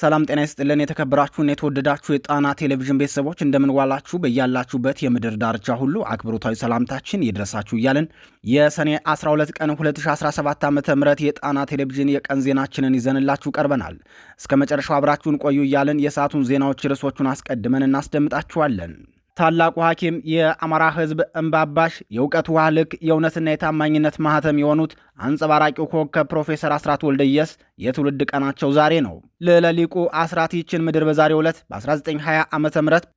ሰላም ጤና ይስጥልን። የተከበራችሁን የተወደዳችሁ የጣና ቴሌቪዥን ቤተሰቦች እንደምንዋላችሁ፣ በያላችሁበት የምድር ዳርቻ ሁሉ አክብሮታዊ ሰላምታችን ይድረሳችሁ እያልን የሰኔ 12 ቀን 2017 ዓ ም የጣና ቴሌቪዥን የቀን ዜናችንን ይዘንላችሁ ቀርበናል። እስከ መጨረሻው አብራችሁን ቆዩ እያለን የሰዓቱን ዜናዎች ርዕሶቹን አስቀድመን እናስደምጣችኋለን። ታላቁ ሐኪም የአማራ ሕዝብ እምባባሽ የእውቀት ውሃ ልክ የእውነትና የታማኝነት ማህተም የሆኑት አንጸባራቂው ኮከብ ፕሮፌሰር አስራት ወልደየስ የትውልድ ቀናቸው ዛሬ ነው። ልዕለ አስራት ይችን ምድር በዛሬው ዕለት በ1920 ዓ ም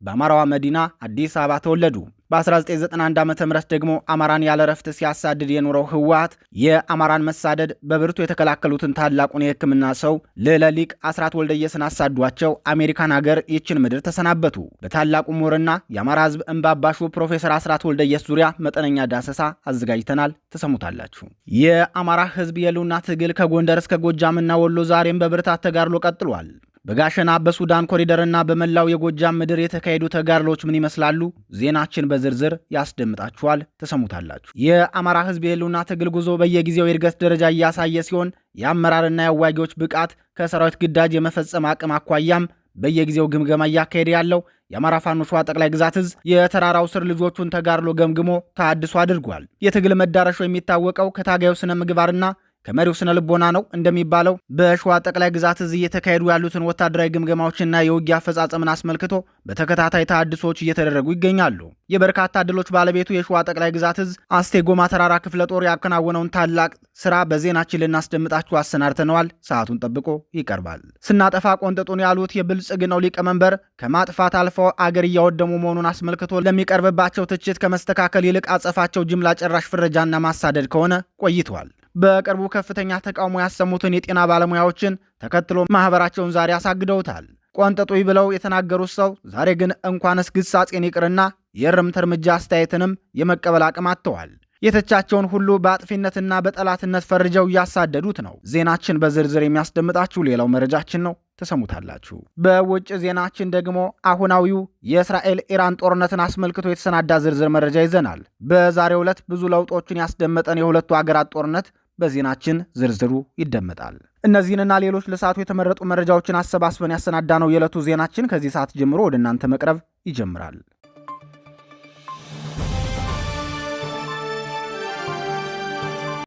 በአማራዋ መዲና አዲስ አበባ ተወለዱ። በ1991 ዓ ም ደግሞ አማራን ያለ ረፍት ሲያሳድድ የኖረው ህወሓት የአማራን መሳደድ በብርቱ የተከላከሉትን ታላቁን የህክምና ሰው ልዕለ ሊቅ አስራት ወልደየስን አሳዷቸው አሜሪካን ሀገር ይችን ምድር ተሰናበቱ። በታላቁ ምሁርና የአማራ ህዝብ እንባባሹ ፕሮፌሰር አስራት ወልደየስ ዙሪያ መጠነኛ ዳሰሳ አዘጋጅተናል፣ ተሰሙታላችሁ። የአማራ ህዝብ የህልውና ትግል ከጎንደር እስከ ጎጃምና ወሎ ዛሬም በብርታት ተጋድሎ ቀጥሏል። በጋሸና በሱዳን ኮሪደርና በመላው የጎጃም ምድር የተካሄዱ ተጋድሎች ምን ይመስላሉ? ዜናችን በዝርዝር ያስደምጣችኋል፣ ተሰሙታላችሁ። የአማራ ሕዝብ የህልውና ትግል ጉዞ በየጊዜው የእድገት ደረጃ እያሳየ ሲሆን የአመራርና የአዋጊዎች ብቃት ከሰራዊት ግዳጅ የመፈጸም አቅም አኳያም በየጊዜው ግምገማ እያካሄደ ያለው የአማራ ፋኖ ሸዋ ጠቅላይ ግዛት እዝ የተራራው ስር ልጆቹን ተጋድሎ ገምግሞ ታድሶ አድርጓል። የትግል መዳረሻው የሚታወቀው ከታጋዩ ስነ ምግባርና ከመሪው ስነ ልቦና ነው እንደሚባለው በሸዋ ጠቅላይ ግዛት እዝ እየተካሄዱ ያሉትን ወታደራዊ ግምገማዎችና የውጊ አፈጻጸምን አስመልክቶ በተከታታይ ታድሶች እየተደረጉ ይገኛሉ። የበርካታ ድሎች ባለቤቱ የሸዋ ጠቅላይ ግዛት እዝ አስቴ ጎማ ተራራ ክፍለ ጦር ያከናወነውን ታላቅ ስራ በዜናችን ልናስደምጣችሁ አሰናድተነዋል። ሰዓቱን ጠብቆ ይቀርባል። ስናጠፋ ቆንጥጡን ያሉት የብልጽግናው ሊቀመንበር ከማጥፋት አልፈው አገር እያወደሙ መሆኑን አስመልክቶ ለሚቀርብባቸው ትችት ከመስተካከል ይልቅ አጸፋቸው ጅምላ ጨራሽ ፍረጃና ማሳደድ ከሆነ ቆይተዋል። በቅርቡ ከፍተኛ ተቃውሞ ያሰሙትን የጤና ባለሙያዎችን ተከትሎ ማህበራቸውን ዛሬ አሳግደውታል። ቆንጠጡይ ብለው የተናገሩት ሰው ዛሬ ግን እንኳንስ ግሳጼን ይቅርና የእርምት እርምጃ አስተያየትንም የመቀበል አቅም አጥተዋል። የተቻቸውን ሁሉ በአጥፊነትና በጠላትነት ፈርጀው እያሳደዱት ነው። ዜናችን በዝርዝር የሚያስደምጣችሁ ሌላው መረጃችን ነው፣ ተሰሙታላችሁ። በውጭ ዜናችን ደግሞ አሁናዊው የእስራኤል ኢራን ጦርነትን አስመልክቶ የተሰናዳ ዝርዝር መረጃ ይዘናል። በዛሬው ዕለት ብዙ ለውጦችን ያስደመጠን የሁለቱ አገራት ጦርነት በዜናችን ዝርዝሩ ይደመጣል። እነዚህንና ሌሎች ለሰዓቱ የተመረጡ መረጃዎችን አሰባስበን ያሰናዳ ነው የዕለቱ ዜናችን ከዚህ ሰዓት ጀምሮ ወደ እናንተ መቅረብ ይጀምራል።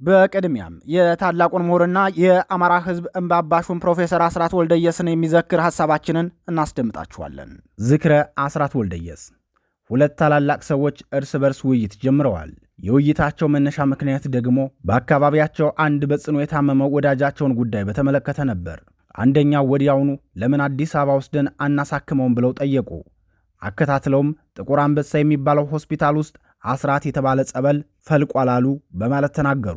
በቅድሚያም የታላቁን ምሁርና የአማራ ሕዝብ እንባባሹን ፕሮፌሰር አስራት ወልደየስን የሚዘክር ሀሳባችንን እናስደምጣችኋለን። ዝክረ አስራት ወልደየስ። ሁለት ታላላቅ ሰዎች እርስ በርስ ውይይት ጀምረዋል። የውይይታቸው መነሻ ምክንያት ደግሞ በአካባቢያቸው አንድ በጽኑ የታመመው ወዳጃቸውን ጉዳይ በተመለከተ ነበር። አንደኛው ወዲያውኑ ለምን አዲስ አበባ ወስደን አናሳክመውም ብለው ጠየቁ። አከታትለውም ጥቁር አንበሳ የሚባለው ሆስፒታል ውስጥ አስራት የተባለ ጸበል ፈልቋል አሉ በማለት ተናገሩ።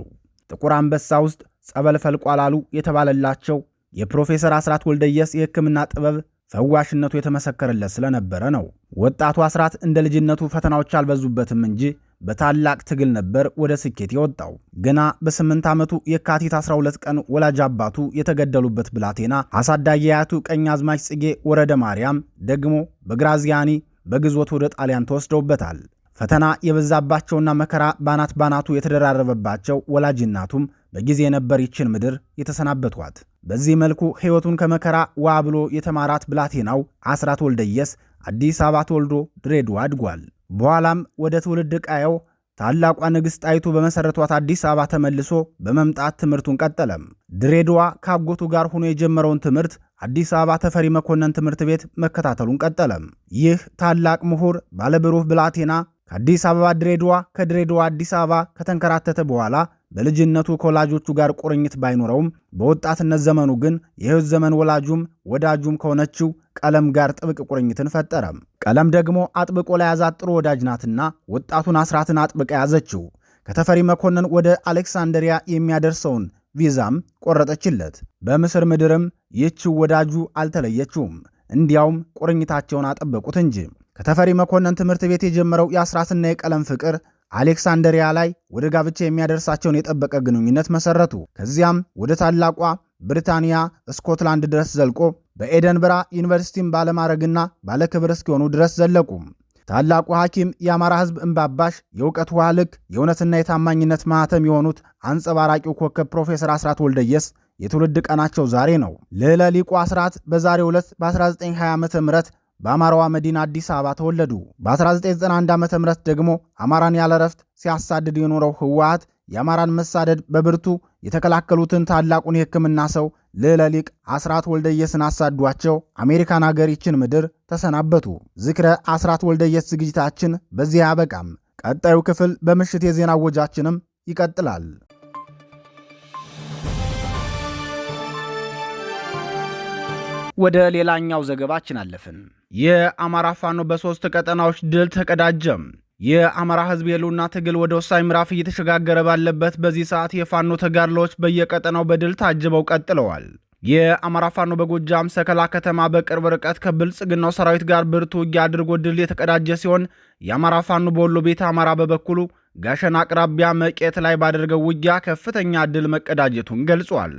ጥቁር አንበሳ ውስጥ ጸበል ፈልቋል አሉ የተባለላቸው የፕሮፌሰር አስራት ወልደየስ የሕክምና ጥበብ ፈዋሽነቱ የተመሰከረለት ስለነበረ ነው። ወጣቱ አስራት እንደ ልጅነቱ ፈተናዎች አልበዙበትም እንጂ በታላቅ ትግል ነበር ወደ ስኬት የወጣው። ገና በስምንት ዓመቱ የካቲት 12 ቀን ወላጅ አባቱ የተገደሉበት ብላቴና አሳዳጊ አያቱ አዝማች ጽጌ ወረደ ማርያም ደግሞ በግራዚያኒ በግዞት ወደ ጣሊያን ተወስደውበታል። ፈተና የበዛባቸውና መከራ ባናት ባናቱ የተደራረበባቸው ወላጅናቱም በጊዜ ነበር ይችን ምድር የተሰናበቷት። በዚህ መልኩ ሕይወቱን ከመከራ ዋ ብሎ የተማራት ብላቴናው አስራት ወልደየስ አዲስ አበባ ተወልዶ ድሬዳዋ አድጓል። በኋላም ወደ ትውልድ ቀየው ታላቋ ንግሥት ጣይቱ በመሠረቷት አዲስ አበባ ተመልሶ በመምጣት ትምህርቱን ቀጠለም። ድሬዳዋ ከአጎቱ ጋር ሆኖ የጀመረውን ትምህርት አዲስ አበባ ተፈሪ መኮንን ትምህርት ቤት መከታተሉን ቀጠለም። ይህ ታላቅ ምሁር ባለብሩህ ብላቴና ከአዲስ አበባ ድሬድዋ፣ ከድሬድዋ አዲስ አበባ ከተንከራተተ በኋላ በልጅነቱ ከወላጆቹ ጋር ቁርኝት ባይኖረውም በወጣትነት ዘመኑ ግን የህይወት ዘመን ወላጁም ወዳጁም ከሆነችው ቀለም ጋር ጥብቅ ቁርኝትን ፈጠረ። ቀለም ደግሞ አጥብቆ ለያዛት ጥሩ ወዳጅ ናትና ወጣቱን አስራትን አጥብቃ ያዘችው። ከተፈሪ መኮንን ወደ አሌክሳንደሪያ የሚያደርሰውን ቪዛም ቆረጠችለት። በምስር ምድርም ይህችው ወዳጁ አልተለየችውም፣ እንዲያውም ቁርኝታቸውን አጠበቁት እንጂ ከተፈሪ መኮንን ትምህርት ቤት የጀመረው የአስራትና የቀለም ፍቅር አሌክሳንደሪያ ላይ ወደ ጋብቻ የሚያደርሳቸውን የጠበቀ ግንኙነት መሰረቱ። ከዚያም ወደ ታላቋ ብሪታንያ ስኮትላንድ ድረስ ዘልቆ በኤደንበራ ዩኒቨርሲቲን ባለማዕረግና ባለክብር እስኪሆኑ ድረስ ዘለቁ። ታላቁ ሐኪም፣ የአማራ ሕዝብ እምባባሽ፣ የእውቀት ውሃ ልክ፣ የእውነትና የታማኝነት ማህተም የሆኑት አንጸባራቂው ኮከብ ፕሮፌሰር አስራት ወልደየስ የትውልድ ቀናቸው ዛሬ ነው። ልዕለ ሊቁ አስራት በዛሬ ዕለት በ1920 ዓ ም በአማራዋ መዲና አዲስ አበባ ተወለዱ። በ1991 ዓ ም ደግሞ አማራን ያለረፍት ሲያሳድድ የኖረው ህወሀት የአማራን መሳደድ በብርቱ የተከላከሉትን ታላቁን የሕክምና ሰው ልዕለ ሊቅ አስራት ወልደየስን አሳዷቸው አሜሪካን አገር ይችን ምድር ተሰናበቱ። ዝክረ አስራት ወልደየስ ዝግጅታችን በዚህ አያበቃም። ቀጣዩ ክፍል በምሽት የዜና ወጃችንም ይቀጥላል። ወደ ሌላኛው ዘገባችን አለፍን። የአማራ ፋኖ በሶስት ቀጠናዎች ድል ተቀዳጀም። የአማራ ህዝብ የሉና ትግል ወደ ወሳኝ ምዕራፍ እየተሸጋገረ ባለበት በዚህ ሰዓት የፋኖ ተጋድሎዎች በየቀጠናው በድል ታጅበው ቀጥለዋል። የአማራ ፋኖ በጎጃም ሰከላ ከተማ በቅርብ ርቀት ከብልጽግናው ሰራዊት ጋር ብርቱ ውጊያ አድርጎ ድል የተቀዳጀ ሲሆን የአማራ ፋኖ በወሎ ቤተ አማራ በበኩሉ ጋሸና አቅራቢያ መቄት ላይ ባደረገው ውጊያ ከፍተኛ ድል መቀዳጀቱን ገልጿል።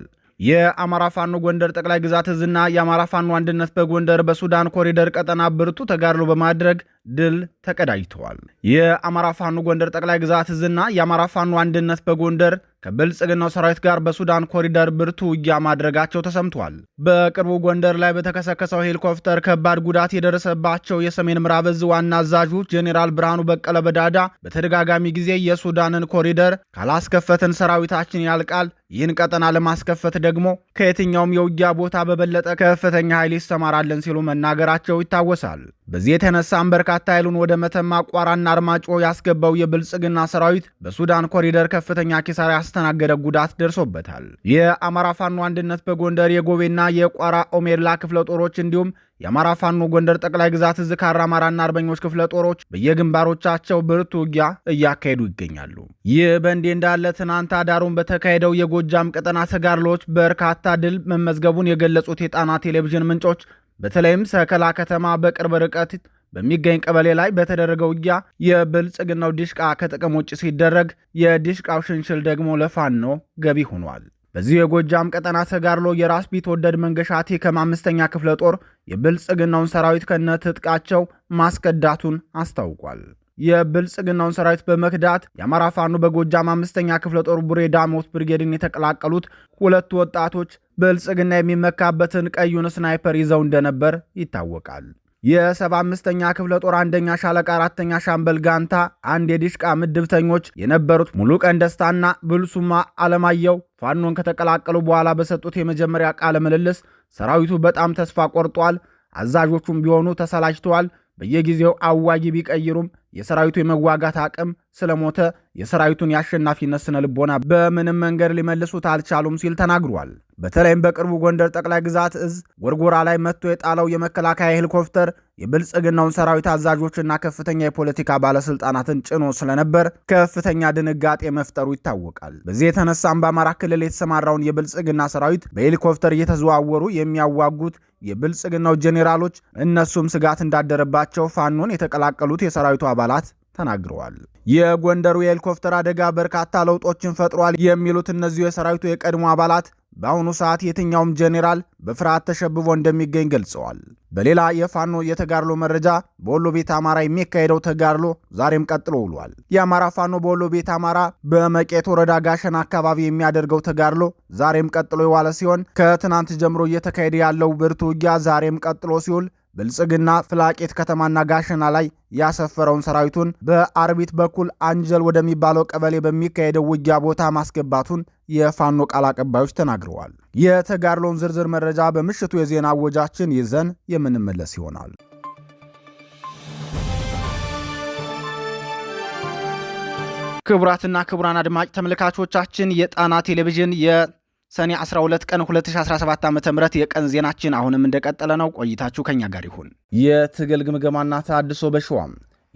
የአማራ ፋኖ ጎንደር ጠቅላይ ግዛት እዝና የአማራ ፋኖ አንድነት በጎንደር በሱዳን ኮሪደር ቀጠና ብርቱ ተጋድሎ በማድረግ ድል ተቀዳጅተዋል። የአማራ ፋኖ ጎንደር ጠቅላይ ግዛት እዝና የአማራ ፋኖ አንድነት በጎንደር ከብልጽግናው ሰራዊት ጋር በሱዳን ኮሪደር ብርቱ ውጊያ ማድረጋቸው ተሰምቷል። በቅርቡ ጎንደር ላይ በተከሰከሰው ሄሊኮፕተር ከባድ ጉዳት የደረሰባቸው የሰሜን ምዕራብ እዝ ዋና አዛዡ ጄኔራል ብርሃኑ በቀለ በዳዳ በተደጋጋሚ ጊዜ የሱዳንን ኮሪደር ካላስከፈትን ሰራዊታችን ያልቃል፣ ይህን ቀጠና ለማስከፈት ደግሞ ከየትኛውም የውጊያ ቦታ በበለጠ ከፍተኛ ኃይል ይሰማራለን ሲሉ መናገራቸው ይታወሳል። በዚህ የተነሳም በርካታ ኃይሉን ወደ መተማ ቋራና አርማጮ ያስገባው የብልጽግና ሰራዊት በሱዳን ኮሪደር ከፍተኛ ኪሳራ ያስተናገደ ጉዳት ደርሶበታል። የአማራ ፋኖ አንድነት በጎንደር የጎቤና የቋራ ኦሜርላ ክፍለ ጦሮች እንዲሁም የአማራ ፋኖ ጎንደር ጠቅላይ ግዛት እዝ ካራ አማራና አርበኞች ክፍለ ጦሮች በየግንባሮቻቸው ብርቱ ውጊያ እያካሄዱ ይገኛሉ። ይህ በእንዲህ እንዳለ ትናንት አዳሩን በተካሄደው የጎጃም ቀጠና ተጋድሎች በርካታ ድል መመዝገቡን የገለጹት የጣና ቴሌቪዥን ምንጮች በተለይም ሰከላ ከተማ በቅርብ ርቀት በሚገኝ ቀበሌ ላይ በተደረገው ውጊያ የብልጽግናው ዲሽቃ ከጥቅም ውጭ ሲደረግ የዲሽቃው ሽንሽል ደግሞ ለፋኖ ገቢ ሆኗል። በዚሁ የጎጃም ቀጠና ተጋድሎ የራስ ቢትወደድ መንገሻ ቴከም አምስተኛ ክፍለ ጦር የብልጽግናውን ሰራዊት ከነ ትጥቃቸው ማስከዳቱን አስታውቋል። የብልጽግናውን ሰራዊት በመክዳት የአማራ ፋኖ በጎጃም አምስተኛ ክፍለ ጦር ቡሬ ዳሞት ብርጌድን የተቀላቀሉት ሁለቱ ወጣቶች ብልጽግና የሚመካበትን ቀዩን ስናይፐር ይዘው እንደነበር ይታወቃል። የሰባ አምስተኛ ክፍለ ጦር አንደኛ ሻለቃ አራተኛ ሻምበል ጋንታ አንድ የዲሽቃ ምድብተኞች የነበሩት ሙሉ ቀን ደስታና ብልሱማ አለማየው ፋኖን ከተቀላቀሉ በኋላ በሰጡት የመጀመሪያ ቃለ ምልልስ ሰራዊቱ በጣም ተስፋ ቆርጧል፣ አዛዦቹም ቢሆኑ ተሰላችተዋል፣ በየጊዜው አዋጊ ቢቀይሩም የሰራዊቱ የመዋጋት አቅም ስለሞተ የሰራዊቱን የአሸናፊነት ስነ ልቦና በምንም መንገድ ሊመልሱት አልቻሉም ሲል ተናግሯል። በተለይም በቅርቡ ጎንደር ጠቅላይ ግዛት እዝ ጎርጎራ ላይ መጥቶ የጣለው የመከላከያ ሄሊኮፕተር የብልጽግናውን ሰራዊት አዛዦችና ከፍተኛ የፖለቲካ ባለስልጣናትን ጭኖ ስለነበር ከፍተኛ ድንጋጤ መፍጠሩ ይታወቃል። በዚህ የተነሳም በአማራ ክልል የተሰማራውን የብልጽግና ሰራዊት በሄሊኮፕተር እየተዘዋወሩ የሚያዋጉት የብልጽግናው ጄኔራሎች እነሱም ስጋት እንዳደረባቸው ፋኖን የተቀላቀሉት የሰራዊቱ አባል አባላት ተናግረዋል። የጎንደሩ የሄሊኮፕተር አደጋ በርካታ ለውጦችን ፈጥሯል የሚሉት እነዚሁ የሰራዊቱ የቀድሞ አባላት በአሁኑ ሰዓት የትኛውም ጄኔራል በፍርሃት ተሸብቦ እንደሚገኝ ገልጸዋል። በሌላ የፋኖ የተጋድሎ መረጃ በወሎ ቤት አማራ የሚካሄደው ተጋድሎ ዛሬም ቀጥሎ ውሏል። የአማራ ፋኖ በወሎ ቤት አማራ በመቄት ወረዳ ጋሸን አካባቢ የሚያደርገው ተጋድሎ ዛሬም ቀጥሎ የዋለ ሲሆን ከትናንት ጀምሮ እየተካሄደ ያለው ብርቱ ውጊያ ዛሬም ቀጥሎ ሲውል ብልጽግና ፍላቄት ከተማና ጋሸና ላይ ያሰፈረውን ሰራዊቱን በአርቢት በኩል አንጀል ወደሚባለው ቀበሌ በሚካሄደው ውጊያ ቦታ ማስገባቱን የፋኖ ቃል አቀባዮች ተናግረዋል። የተጋድሎን ዝርዝር መረጃ በምሽቱ የዜና አወጃችን ይዘን የምንመለስ ይሆናል። ክቡራትና ክቡራን አድማጭ ተመልካቾቻችን የጣና ቴሌቪዥን ሰኔ 12 ቀን 2017 ዓ ም የቀን ዜናችን አሁንም እንደቀጠለ ነው። ቆይታችሁ ከኛ ጋር ይሁን። የትግል ግምገማና ተሃድሶ በሸዋም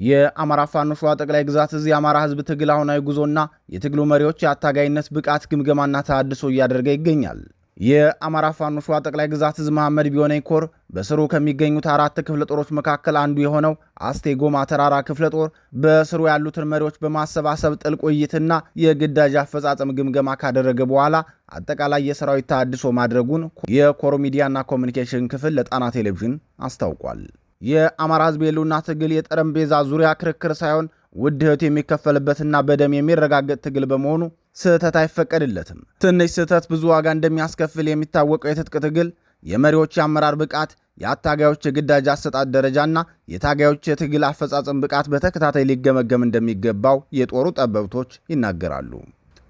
የአማራ ፋኖ ሸዋ ጠቅላይ ግዛት እዚህ የአማራ ህዝብ ትግል አሁናዊ ጉዞና የትግሉ መሪዎች የአታጋይነት ብቃት ግምገማና ተሃድሶ እያደረገ ይገኛል። የአማራ ፋኖ ሸዋ ጠቅላይ ግዛት እዝ መሐመድ ቢሆነኝ ኮር በስሩ ከሚገኙት አራት ክፍለ ጦሮች መካከል አንዱ የሆነው አስቴ ጎማ ተራራ ክፍለ ጦር በስሩ ያሉትን መሪዎች በማሰባሰብ ጥልቅ ውይይትና የግዳጅ አፈጻጸም ግምገማ ካደረገ በኋላ አጠቃላይ የሰራዊት ታድሶ ማድረጉን የኮር ሚዲያና ኮሚኒኬሽን ክፍል ለጣና ቴሌቪዥን አስታውቋል። የአማራ ህዝብ የሉና ትግል የጠረጴዛ ዙሪያ ክርክር ሳይሆን ውድ ህይወት የሚከፈልበትና በደም የሚረጋገጥ ትግል በመሆኑ ስህተት አይፈቀድለትም። ትንሽ ስህተት ብዙ ዋጋ እንደሚያስከፍል የሚታወቀው የትጥቅ ትግል የመሪዎች የአመራር ብቃት፣ የአታጋዮች የግዳጅ አሰጣጥ ደረጃና የታጋዮች የትግል አፈጻጸም ብቃት በተከታታይ ሊገመገም እንደሚገባው የጦሩ ጠበብቶች ይናገራሉ።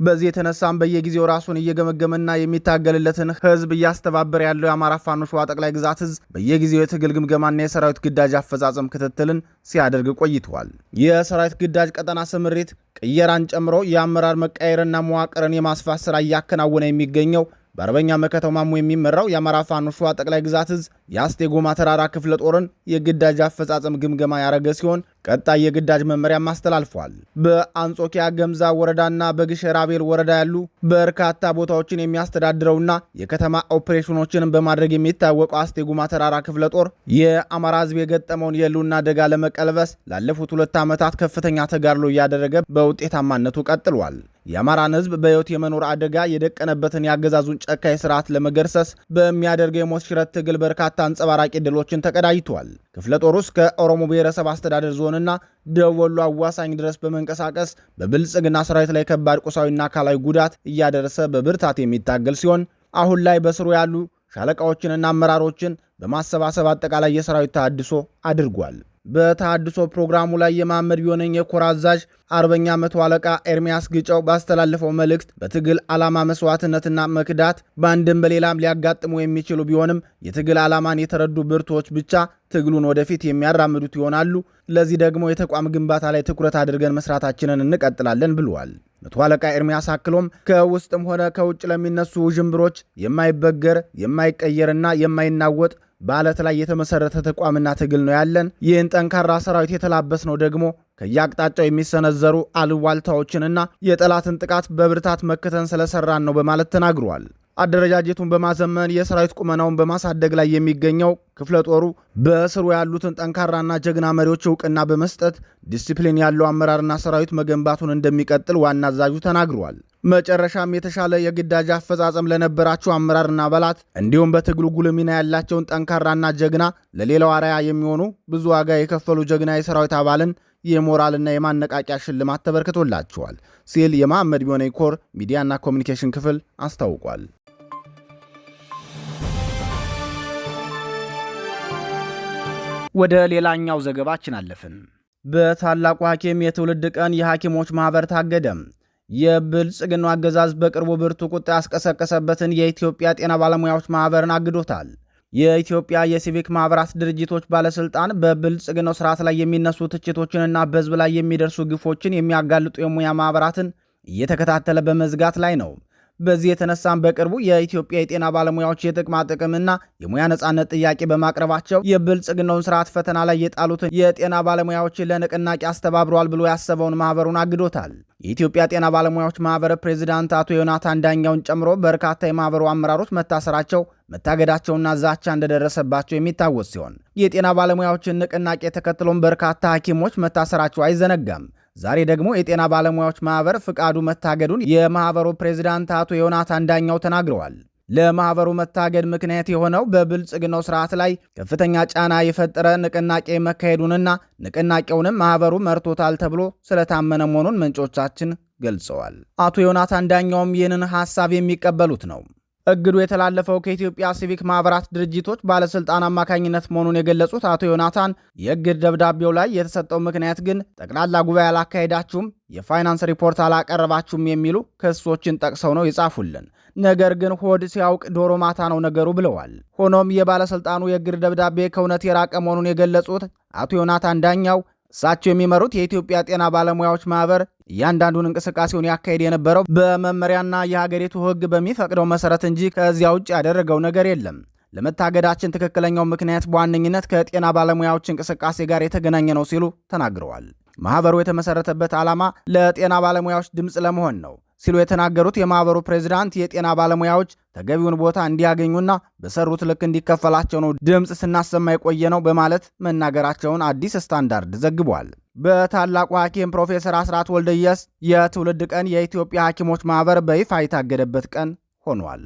በዚህ የተነሳም በየጊዜው ራሱን እየገመገመና የሚታገልለትን ህዝብ እያስተባበረ ያለው የአማራ ፋኖ ሸዋ ጠቅላይ ግዛት ህዝ በየጊዜው የትግል ግምገማና የሰራዊት ግዳጅ አፈጻጸም ክትትልን ሲያደርግ ቆይተዋል። የሰራዊት ግዳጅ ቀጠና ስምሪት ቅየራን ጨምሮ የአመራር መቃየርና መዋቅርን የማስፋት ስራ እያከናወነ የሚገኘው በአርበኛ መከተው ማሞ የሚመራው የአማራ ፋኖ ሸዋ ጠቅላይ ግዛት ህዝ ጎማ ተራራ ክፍለ ጦርን የግዳጅ አፈጻጸም ግምገማ ያደረገ ሲሆን ቀጣይ የግዳጅ መመሪያም አስተላልፏል። በአንጾኪያ ገምዛ ወረዳና በግሸ ራቤል ወረዳ ያሉ በርካታ ቦታዎችን የሚያስተዳድረውና የከተማ ኦፕሬሽኖችን በማድረግ የሚታወቀው አስቴጎማ ተራራ ክፍለ ጦር የአማራ ሕዝብ የገጠመውን የህልውና አደጋ ለመቀልበስ ላለፉት ሁለት ዓመታት ከፍተኛ ተጋድሎ እያደረገ በውጤታማነቱ ቀጥሏል። የአማራን ህዝብ በህይወት የመኖር አደጋ የደቀነበትን የአገዛዙን ጨካኝ ስርዓት ለመገርሰስ በሚያደርገው የሞት ሽረት ትግል በርካታ አንጸባራቂ ድሎችን ተቀዳጅቷል። ክፍለ ጦሩ እስከ ኦሮሞ ብሔረሰብ አስተዳደር ዞንና ደቡብ ወሎ አዋሳኝ ድረስ በመንቀሳቀስ በብልጽግና ሰራዊት ላይ ከባድ ቁሳዊና አካላዊ ጉዳት እያደረሰ በብርታት የሚታገል ሲሆን አሁን ላይ በስሩ ያሉ ሻለቃዎችንና አመራሮችን በማሰባሰብ አጠቃላይ የሰራዊት ተሃድሶ አድርጓል። በተሃድሶ ፕሮግራሙ ላይ የማመድ ቢሆነኝ የኮር አዛዥ አርበኛ መቶ አለቃ ኤርሚያስ ግጫው ባስተላለፈው መልእክት በትግል ዓላማ መስዋዕትነትና መክዳት በአንድም በሌላም ሊያጋጥሙ የሚችሉ ቢሆንም የትግል ዓላማን የተረዱ ብርቶች ብቻ ትግሉን ወደፊት የሚያራምዱት ይሆናሉ። ለዚህ ደግሞ የተቋም ግንባታ ላይ ትኩረት አድርገን መስራታችንን እንቀጥላለን ብለዋል። መቶ አለቃ ኤርሚያስ አክሎም ከውስጥም ሆነ ከውጭ ለሚነሱ ውዥንብሮች የማይበገር የማይቀየርና የማይናወጥ በአለት ላይ የተመሰረተ ተቋምና ትግል ነው ያለን። ይህን ጠንካራ ሰራዊት የተላበስ ነው ደግሞ ከየአቅጣጫው የሚሰነዘሩ አልዋልታዎችንና የጠላትን ጥቃት በብርታት መክተን ስለሰራን ነው በማለት ተናግሯል። አደረጃጀቱን በማዘመን የሰራዊት ቁመናውን በማሳደግ ላይ የሚገኘው ክፍለ ጦሩ በእስሩ ያሉትን ጠንካራና ጀግና መሪዎች እውቅና በመስጠት ዲሲፕሊን ያለው አመራርና ሰራዊት መገንባቱን እንደሚቀጥል ዋና አዛዡ ተናግሯል። መጨረሻም የተሻለ የግዳጅ አፈጻጸም ለነበራቸው አመራርና አባላት እንዲሁም በትግሉ ጉልህ ሚና ያላቸውን ጠንካራና ጀግና ለሌላው አርአያ የሚሆኑ ብዙ ዋጋ የከፈሉ ጀግና የሰራዊት አባልን የሞራልና የማነቃቂያ ሽልማት ተበርክቶላቸዋል ሲል የመሐመድ ቢሆነ ኮር ሚዲያና ኮሚኒኬሽን ክፍል አስታውቋል። ወደ ሌላኛው ዘገባችን አለፍን። በታላቁ ሐኪም የትውልድ ቀን የሐኪሞች ማኅበር ታገደም። የብልጽግናው አገዛዝ በቅርቡ ብርቱ ቁጣ ያስቀሰቀሰበትን የኢትዮጵያ ጤና ባለሙያዎች ማኅበርን አግዶታል። የኢትዮጵያ የሲቪክ ማኅበራት ድርጅቶች ባለሥልጣን በብልጽግናው ስርዓት ላይ የሚነሱ ትችቶችንና በሕዝብ ላይ የሚደርሱ ግፎችን የሚያጋልጡ የሙያ ማኅበራትን እየተከታተለ በመዝጋት ላይ ነው። በዚህ የተነሳም በቅርቡ የኢትዮጵያ የጤና ባለሙያዎች የጥቅማ ጥቅምና የሙያ ነጻነት ጥያቄ በማቅረባቸው የብልጽግናውን ስርዓት ፈተና ላይ የጣሉትን የጤና ባለሙያዎችን ለንቅናቄ አስተባብረዋል ብሎ ያሰበውን ማህበሩን አግዶታል። የኢትዮጵያ ጤና ባለሙያዎች ማህበር ፕሬዚዳንት አቶ ዮናታን ዳኛውን ጨምሮ በርካታ የማህበሩ አመራሮች መታሰራቸው መታገዳቸውና ዛቻ እንደደረሰባቸው የሚታወስ ሲሆን የጤና ባለሙያዎችን ንቅናቄ ተከትሎም በርካታ ሐኪሞች መታሰራቸው አይዘነጋም። ዛሬ ደግሞ የጤና ባለሙያዎች ማህበር ፍቃዱ መታገዱን የማህበሩ ፕሬዚዳንት አቶ ዮናታን ዳኛው ተናግረዋል። ለማህበሩ መታገድ ምክንያት የሆነው በብልጽግናው ስርዓት ላይ ከፍተኛ ጫና የፈጠረ ንቅናቄ መካሄዱንና ንቅናቄውንም ማህበሩ መርቶታል ተብሎ ስለታመነ መሆኑን ምንጮቻችን ገልጸዋል። አቶ ዮናታን ዳኛውም ይህንን ሐሳብ የሚቀበሉት ነው። እግዱ የተላለፈው ከኢትዮጵያ ሲቪክ ማኅበራት ድርጅቶች ባለስልጣን አማካኝነት መሆኑን የገለጹት አቶ ዮናታን የእግድ ደብዳቤው ላይ የተሰጠው ምክንያት ግን ጠቅላላ ጉባኤ አላካሄዳችሁም፣ የፋይናንስ ሪፖርት አላቀረባችሁም የሚሉ ክሶችን ጠቅሰው ነው ይጻፉልን። ነገር ግን ሆድ ሲያውቅ ዶሮ ማታ ነው ነገሩ ብለዋል። ሆኖም የባለስልጣኑ የእግድ ደብዳቤ ከእውነት የራቀ መሆኑን የገለጹት አቶ ዮናታን ዳኛው እሳቸው የሚመሩት የኢትዮጵያ ጤና ባለሙያዎች ማህበር እያንዳንዱን እንቅስቃሴውን ያካሄድ የነበረው በመመሪያና የሀገሪቱ ሕግ በሚፈቅደው መሰረት እንጂ ከዚያ ውጭ ያደረገው ነገር የለም። ለመታገዳችን ትክክለኛው ምክንያት በዋነኝነት ከጤና ባለሙያዎች እንቅስቃሴ ጋር የተገናኘ ነው ሲሉ ተናግረዋል። ማህበሩ የተመሰረተበት ዓላማ ለጤና ባለሙያዎች ድምፅ ለመሆን ነው። ሲሉ የተናገሩት የማህበሩ ፕሬዚዳንት የጤና ባለሙያዎች ተገቢውን ቦታ እንዲያገኙና በሰሩት ልክ እንዲከፈላቸው ነው ድምፅ ስናሰማ የቆየ ነው በማለት መናገራቸውን አዲስ ስታንዳርድ ዘግቧል። በታላቁ ሐኪም ፕሮፌሰር አስራት ወልደየስ የትውልድ ቀን የኢትዮጵያ ሐኪሞች ማህበር በይፋ የታገደበት ቀን ሆኗል።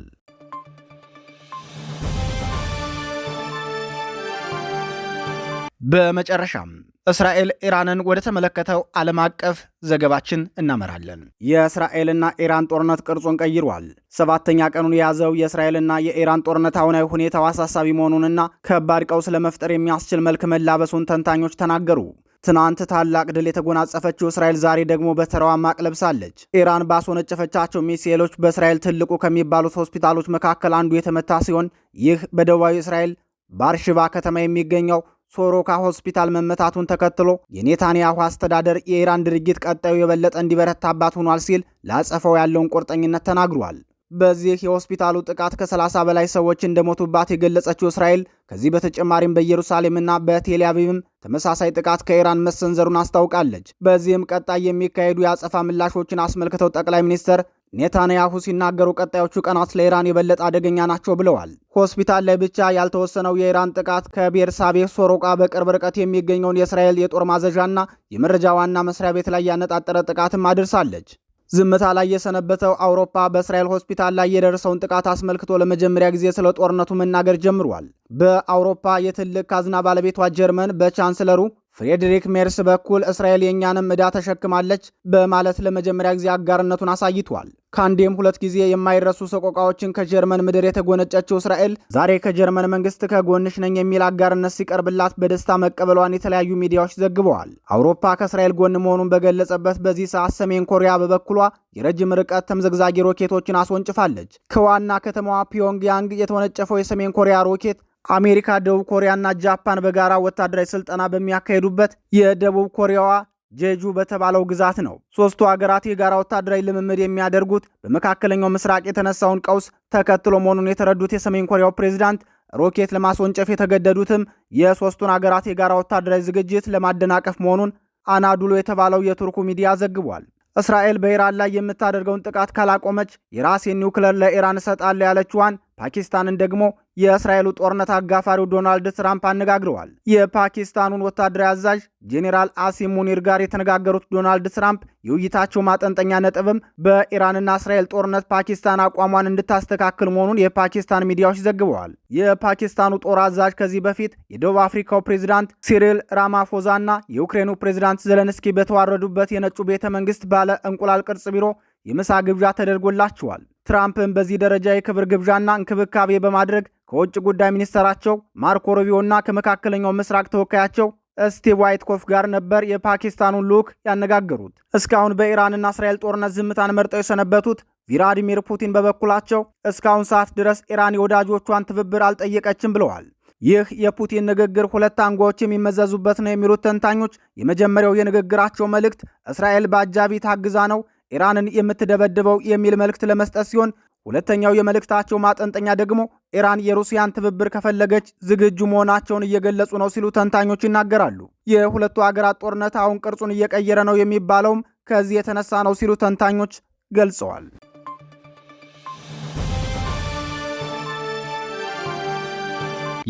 በመጨረሻም እስራኤል ኢራንን ወደ ተመለከተው ዓለም አቀፍ ዘገባችን እናመራለን። የእስራኤልና ኢራን ጦርነት ቅርጹን ቀይሯል። ሰባተኛ ቀኑን የያዘው የእስራኤልና የኢራን ጦርነት አሁናዊ ሁኔታው አሳሳቢ መሆኑንና ከባድ ቀውስ ለመፍጠር የሚያስችል መልክ መላበሱን ተንታኞች ተናገሩ። ትናንት ታላቅ ድል የተጎናጸፈችው እስራኤል ዛሬ ደግሞ በተራዋ ማቅ ለብሳለች። ኢራን ባስወነጨፈቻቸው ሚሳኤሎች በእስራኤል ትልቁ ከሚባሉት ሆስፒታሎች መካከል አንዱ የተመታ ሲሆን ይህ በደቡባዊ እስራኤል ባርሽባ ከተማ የሚገኘው ሶሮካ ሆስፒታል መመታቱን ተከትሎ የኔታንያሁ አስተዳደር የኢራን ድርጊት ቀጣዩ የበለጠ እንዲበረታባት ሆኗል ሲል ላጸፈው ያለውን ቁርጠኝነት ተናግሯል። በዚህ የሆስፒታሉ ጥቃት ከ30 በላይ ሰዎች እንደሞቱባት የገለጸችው እስራኤል ከዚህ በተጨማሪም በኢየሩሳሌምና እና አቪቭም ተመሳሳይ ጥቃት ከኢራን መሰንዘሩን አስታውቃለች። በዚህም ቀጣይ የሚካሄዱ የአጸፋ ምላሾችን አስመልክተው ጠቅላይ ሚኒስትር ኔታንያሁ ሲናገሩ ቀጣዮቹ ቀናት ለኢራን የበለጠ አደገኛ ናቸው ብለዋል። ሆስፒታል ላይ ብቻ ያልተወሰነው የኢራን ጥቃት ከቤርሳቤ ሶሮቃ በቅርብ ርቀት የሚገኘውን የእስራኤል የጦር ማዘዣና የመረጃ ዋና መስሪያ ቤት ላይ ያነጣጠረ ጥቃትም አድርሳለች። ዝምታ ላይ የሰነበተው አውሮፓ በእስራኤል ሆስፒታል ላይ የደረሰውን ጥቃት አስመልክቶ ለመጀመሪያ ጊዜ ስለ ጦርነቱ መናገር ጀምሯል። በአውሮፓ የትልቅ ካዝና ባለቤቷ ጀርመን በቻንስለሩ ፍሬድሪክ ሜርስ በኩል እስራኤል የእኛንም ዕዳ ተሸክማለች በማለት ለመጀመሪያ ጊዜ አጋርነቱን አሳይቷል። ከአንዴም ሁለት ጊዜ የማይረሱ ሰቆቃዎችን ከጀርመን ምድር የተጎነጨችው እስራኤል ዛሬ ከጀርመን መንግስት ከጎንሽ ነኝ የሚል አጋርነት ሲቀርብላት በደስታ መቀበሏን የተለያዩ ሚዲያዎች ዘግበዋል። አውሮፓ ከእስራኤል ጎን መሆኑን በገለጸበት በዚህ ሰዓት ሰሜን ኮሪያ በበኩሏ የረጅም ርቀት ተምዘግዛጊ ሮኬቶችን አስወንጭፋለች። ከዋና ከተማዋ ፒዮንግያንግ የተወነጨፈው የሰሜን ኮሪያ ሮኬት አሜሪካ፣ ደቡብ ኮሪያና ጃፓን በጋራ ወታደራዊ ስልጠና በሚያካሂዱበት የደቡብ ኮሪያዋ ጄጁ በተባለው ግዛት ነው። ሶስቱ ሀገራት የጋራ ወታደራዊ ልምምድ የሚያደርጉት በመካከለኛው ምስራቅ የተነሳውን ቀውስ ተከትሎ መሆኑን የተረዱት የሰሜን ኮሪያው ፕሬዚዳንት ሮኬት ለማስወንጨፍ የተገደዱትም የሶስቱን ሀገራት የጋራ ወታደራዊ ዝግጅት ለማደናቀፍ መሆኑን አናዱሎ የተባለው የቱርኩ ሚዲያ ዘግቧል። እስራኤል በኢራን ላይ የምታደርገውን ጥቃት ካላቆመች የራሴን ኒውክለር ለኢራን እሰጣለሁ ያለችዋን ፓኪስታንን ደግሞ የእስራኤሉ ጦርነት አጋፋሪው ዶናልድ ትራምፕ አነጋግረዋል። የፓኪስታኑን ወታደራዊ አዛዥ ጄኔራል አሲም ሙኒር ጋር የተነጋገሩት ዶናልድ ትራምፕ የውይይታቸው ማጠንጠኛ ነጥብም በኢራንና እስራኤል ጦርነት ፓኪስታን አቋሟን እንድታስተካክል መሆኑን የፓኪስታን ሚዲያዎች ዘግበዋል። የፓኪስታኑ ጦር አዛዥ ከዚህ በፊት የደቡብ አፍሪካው ፕሬዚዳንት ሲሪል ራማፎዛ እና የዩክሬኑ ፕሬዚዳንት ዘለንስኪ በተዋረዱበት የነጩ ቤተ መንግስት ባለ እንቁላል ቅርጽ ቢሮ የምሳ ግብዣ ተደርጎላቸዋል። ትራምፕን በዚህ ደረጃ የክብር ግብዣና እንክብካቤ በማድረግ ከውጭ ጉዳይ ሚኒስተራቸው ማርኮ ሩቢዮና ከመካከለኛው ምስራቅ ተወካያቸው ስቲቭ ዋይትኮፍ ጋር ነበር የፓኪስታኑን ልዑክ ያነጋገሩት። እስካሁን በኢራንና እስራኤል ጦርነት ዝምታን መርጠው የሰነበቱት ቪላዲሚር ፑቲን በበኩላቸው እስካሁን ሰዓት ድረስ ኢራን የወዳጆቿን ትብብር አልጠየቀችም ብለዋል። ይህ የፑቲን ንግግር ሁለት አንጓዎች የሚመዘዙበት ነው የሚሉት ተንታኞች፣ የመጀመሪያው የንግግራቸው መልእክት እስራኤል በአጃቢ ታግዛ ነው ኢራንን የምትደበድበው የሚል መልእክት ለመስጠት ሲሆን ሁለተኛው የመልእክታቸው ማጠንጠኛ ደግሞ ኢራን የሩሲያን ትብብር ከፈለገች ዝግጁ መሆናቸውን እየገለጹ ነው ሲሉ ተንታኞች ይናገራሉ። የሁለቱ አገራት ጦርነት አሁን ቅርጹን እየቀየረ ነው የሚባለውም ከዚህ የተነሳ ነው ሲሉ ተንታኞች ገልጸዋል።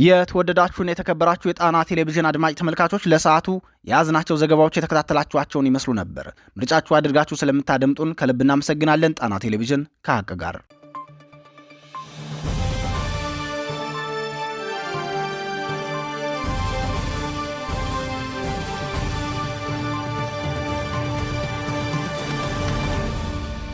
የተወደዳችሁን የተከበራችሁ የጣና ቴሌቪዥን አድማጭ ተመልካቾች ለሰዓቱ የያዝናቸው ዘገባዎች የተከታተላችኋቸውን ይመስሉ ነበር። ምርጫችሁ አድርጋችሁ ስለምታደምጡን ከልብ እናመሰግናለን። ጣና ቴሌቪዥን ከሀቅ ጋር